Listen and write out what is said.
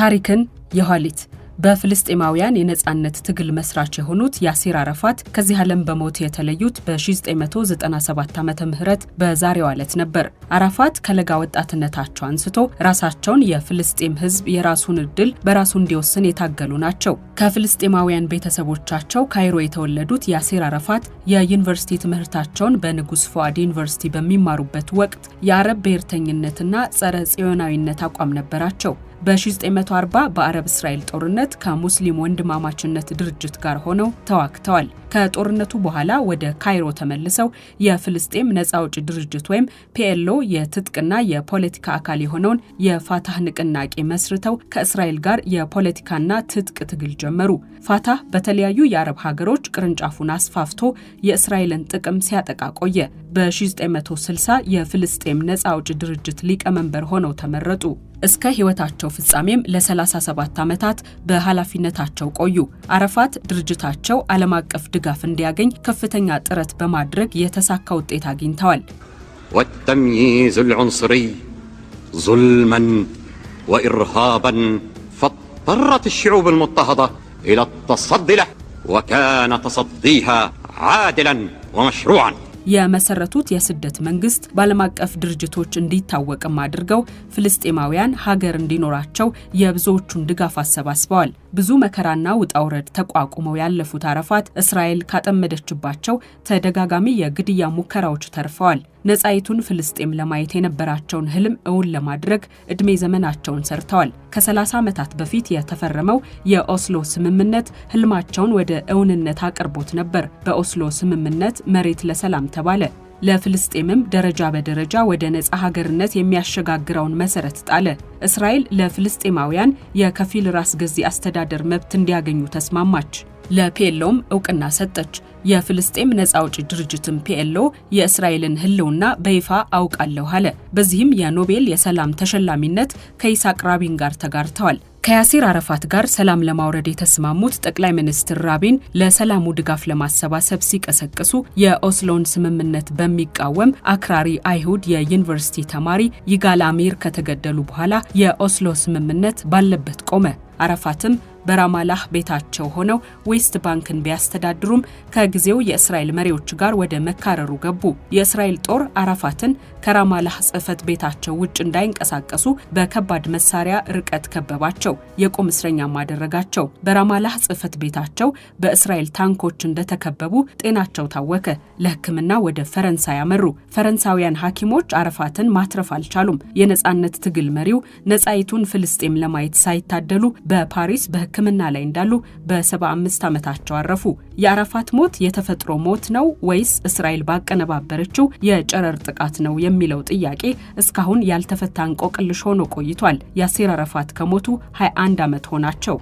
ታሪክን የኋሊት በፍልስጤማውያን የነፃነት ትግል መስራች የሆኑት ያሲር አረፋት ከዚህ ዓለም በሞት የተለዩት በ1997 ዓ ም በዛሬው ዕለት ነበር። አረፋት ከለጋ ወጣትነታቸው አንስቶ ራሳቸውን የፍልስጤም ሕዝብ የራሱን እድል በራሱ እንዲወስን የታገሉ ናቸው። ከፍልስጤማውያን ቤተሰቦቻቸው ካይሮ የተወለዱት ያሲር አረፋት የዩኒቨርሲቲ ትምህርታቸውን በንጉሥ ፉአድ ዩኒቨርሲቲ በሚማሩበት ወቅት የአረብ ብሔርተኝነትና ጸረ ጽዮናዊነት አቋም ነበራቸው። በ1940 በአረብ እስራኤል ጦርነት ከሙስሊም ወንድማማችነት ድርጅት ጋር ሆነው ተዋግተዋል። ከጦርነቱ በኋላ ወደ ካይሮ ተመልሰው የፍልስጤም ነጻ አውጭ ድርጅት ወይም ፒኤልኦ የትጥቅና የፖለቲካ አካል የሆነውን የፋታህ ንቅናቄ መስርተው ከእስራኤል ጋር የፖለቲካና ትጥቅ ትግል ጀመሩ። ፋታህ በተለያዩ የአረብ ሀገሮች ቅርንጫፉን አስፋፍቶ የእስራኤልን ጥቅም ሲያጠቃ ቆየ። በ1960 የፍልስጤም ነጻ አውጭ ድርጅት ሊቀመንበር ሆነው ተመረጡ። እስከ ህይወታቸው ፍጻሜም ለ37 ዓመታት በኃላፊነታቸው ቆዩ። አረፋት ድርጅታቸው ዓለም አቀፍ ድጋፍ እንዲያገኝ ከፍተኛ ጥረት በማድረግ የተሳካ ውጤት አግኝተዋል። والتمييز العنصري ظلما وإرهابا فاضطرت الشعوب المضطهده إلى التصدي له وكان تصديها عادلا ومشروعا የመሰረቱት የስደት መንግስት በዓለም አቀፍ ድርጅቶች እንዲታወቅም አድርገው ፍልስጤማውያን ሀገር እንዲኖራቸው የብዙዎቹን ድጋፍ አሰባስበዋል። ብዙ መከራና ውጣውረድ ተቋቁመው ያለፉት አረፋት እስራኤል ካጠመደችባቸው ተደጋጋሚ የግድያ ሙከራዎች ተርፈዋል። ነጻይቱን ፍልስጤም ለማየት የነበራቸውን ህልም እውን ለማድረግ እድሜ ዘመናቸውን ሰርተዋል። ከ30 ዓመታት በፊት የተፈረመው የኦስሎ ስምምነት ህልማቸውን ወደ እውንነት አቅርቦት ነበር። በኦስሎ ስምምነት መሬት ለሰላም ተባለ። ለፍልስጤምም ደረጃ በደረጃ ወደ ነፃ ሀገርነት የሚያሸጋግረውን መሰረት ጣለ። እስራኤል ለፍልስጤማውያን የከፊል ራስ ገዚ አስተዳደር መብት እንዲያገኙ ተስማማች። ለፒኤልኦም እውቅና ሰጠች። የፍልስጤም ነጻ አውጪ ድርጅትም ፒኤልኦ የእስራኤልን ህልውና በይፋ አውቃለሁ አለ። በዚህም የኖቤል የሰላም ተሸላሚነት ከይስሐቅ ራቢን ጋር ተጋርተዋል። ከያሲር አረፋት ጋር ሰላም ለማውረድ የተስማሙት ጠቅላይ ሚኒስትር ራቢን ለሰላሙ ድጋፍ ለማሰባሰብ ሲቀሰቅሱ የኦስሎን ስምምነት በሚቃወም አክራሪ አይሁድ የዩኒቨርሲቲ ተማሪ ይጋል አሚር ከተገደሉ በኋላ የኦስሎ ስምምነት ባለበት ቆመ። አረፋትም በራማላህ ቤታቸው ሆነው ዌስት ባንክን ቢያስተዳድሩም ከጊዜው የእስራኤል መሪዎች ጋር ወደ መካረሩ ገቡ። የእስራኤል ጦር አራፋትን ከራማላህ ጽህፈት ቤታቸው ውጭ እንዳይንቀሳቀሱ በከባድ መሳሪያ ርቀት ከበባቸው፣ የቁም እስረኛም አደረጋቸው። በራማላህ ጽህፈት ቤታቸው በእስራኤል ታንኮች እንደተከበቡ ጤናቸው ታወከ። ለሕክምና ወደ ፈረንሳይ አመሩ። ፈረንሳውያን ሐኪሞች አረፋትን ማትረፍ አልቻሉም። የነጻነት ትግል መሪው ነጻይቱን ፍልስጤም ለማየት ሳይታደሉ በፓሪስ በህ ህክምና ላይ እንዳሉ በ75 ዓመታቸው አረፉ። የአረፋት ሞት የተፈጥሮ ሞት ነው ወይስ እስራኤል ባቀነባበረችው የጨረር ጥቃት ነው የሚለው ጥያቄ እስካሁን ያልተፈታ እንቆቅልሽ ሆኖ ቆይቷል። ያሲር አረፋት ከሞቱ 21 ዓመት ሆናቸው።